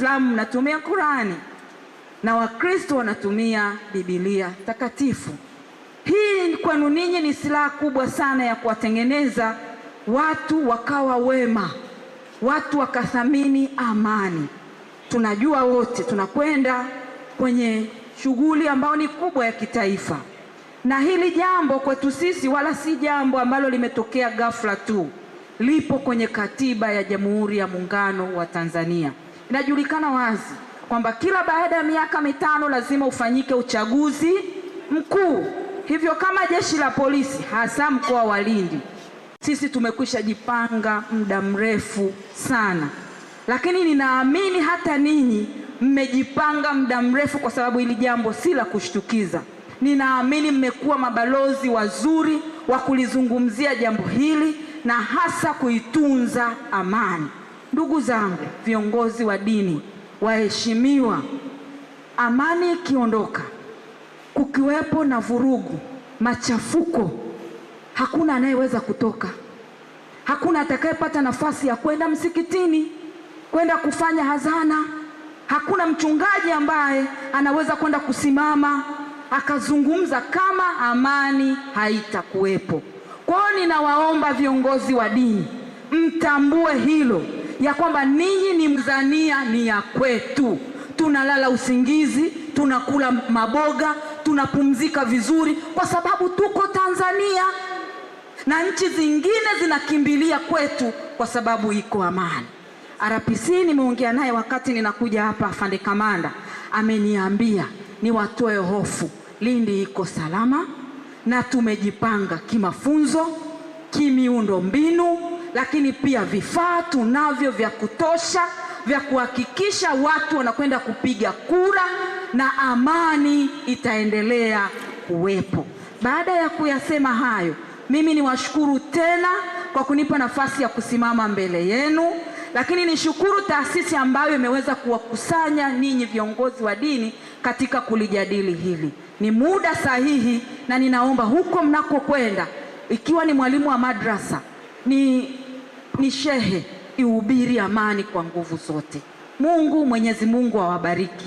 Waislamu mnatumia Qurani na Wakristo wanatumia Biblia takatifu. Hii kwenu ninyi ni silaha kubwa sana ya kuwatengeneza watu wakawa wema, watu wakathamini amani. Tunajua wote tunakwenda kwenye shughuli ambayo ni kubwa ya kitaifa, na hili jambo kwetu sisi wala si jambo ambalo limetokea ghafla tu, lipo kwenye katiba ya Jamhuri ya Muungano wa Tanzania. Inajulikana wazi kwamba kila baada ya miaka mitano lazima ufanyike uchaguzi mkuu. Hivyo kama jeshi la polisi, hasa mkoa wa Lindi, sisi tumekwisha jipanga muda mrefu sana, lakini ninaamini hata ninyi mmejipanga muda mrefu, kwa sababu hili jambo si la kushtukiza. Ninaamini mmekuwa mabalozi wazuri wa kulizungumzia jambo hili na hasa kuitunza amani. Ndugu zangu viongozi wa dini waheshimiwa, amani ikiondoka, kukiwepo na vurugu, machafuko, hakuna anayeweza kutoka, hakuna atakayepata nafasi ya kwenda msikitini kwenda kufanya hazana, hakuna mchungaji ambaye anaweza kwenda kusimama akazungumza kama amani haitakuwepo. Kwa hiyo ninawaomba viongozi wa dini mtambue hilo ya kwamba ninyi ni Mzania ni ya kwetu. Tunalala usingizi, tunakula maboga, tunapumzika vizuri kwa sababu tuko Tanzania, na nchi zingine zinakimbilia kwetu kwa sababu iko amani. RPC nimeongea naye wakati ninakuja hapa, afande kamanda ameniambia niwatoe hofu, Lindi iko salama na tumejipanga kimafunzo, kimiundo mbinu lakini pia vifaa tunavyo vya kutosha vya kuhakikisha watu wanakwenda kupiga kura na amani itaendelea kuwepo. Baada ya kuyasema hayo, mimi niwashukuru tena kwa kunipa nafasi ya kusimama mbele yenu, lakini nishukuru taasisi ambayo imeweza kuwakusanya ninyi viongozi wa dini katika kulijadili hili. Ni muda sahihi, na ninaomba huko mnakokwenda, ikiwa ni mwalimu wa madrasa, ni ni shehe, ihubiri amani kwa nguvu zote. Mungu Mwenyezi Mungu awabariki.